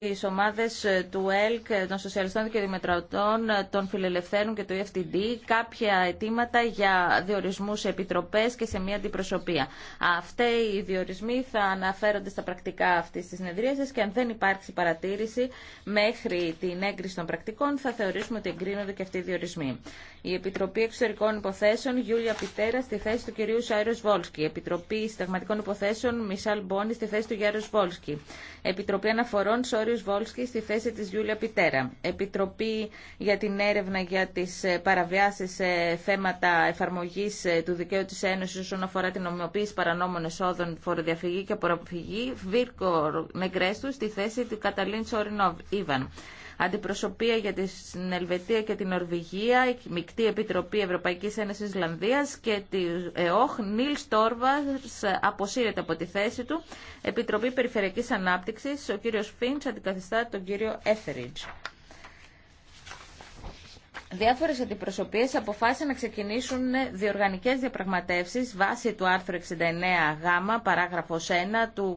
τι ομάδε ε, του ΕΛΚ, ε, των Σοσιαλιστών και Δημετρατών, ε, των Φιλελευθέρων και του EFTD κάποια αιτήματα για διορισμού σε επιτροπέ και σε μια αντιπροσωπεία. Αυτέ οι διορισμοί θα αναφέρονται στα πρακτικά αυτή τη συνεδρίαση και αν δεν υπάρξει παρατήρηση μέχρι την έγκριση των πρακτικών θα θεωρήσουμε ότι εγκρίνονται και αυτοί οι διορισμοί. Η Επιτροπή Εξωτερικών Υποθέσεων, Γιούλια Πιτέρα, στη θέση του κυρίου Σάιρο Βόλσκι. Επιτροπή Συνταγματικών Υποθέσεων, Μισάλ Μπόνι, στη θέση του Γιάρο Βόλσκι. Επιτροπή Αναφορών, Μάριος Βόλσκι στη θέση της Γιούλια Πιτέρα. Επιτροπή για την έρευνα για τις ε, παραβιάσεις σε θέματα εφαρμογής ε, του δικαίου της Ένωσης όσον αφορά την ομοιοποίηση παρανόμων εσόδων, φοροδιαφυγή και απορροφυγή. Βίρκο Νεγκρέστου στη θέση του Καταλίν Σόρινοβ Ήβαν αντιπροσωπεία για την Ελβετία και την Νορβηγία, η Μικτή Επιτροπή Ευρωπαϊκής Ένωσης Ισλανδίας και τη ΕΟΧ Νίλ Στόρβα, αποσύρεται από τη θέση του. Επιτροπή Περιφερειακής Ανάπτυξης, ο κύριος Φίντς αντικαθιστά τον κύριο Έθεριτζ. Διάφορε αντιπροσωπείε αποφάσισαν να ξεκινήσουν διοργανικέ διαπραγματεύσει βάσει του άρθρου 69 Γ, παράγραφο 1 του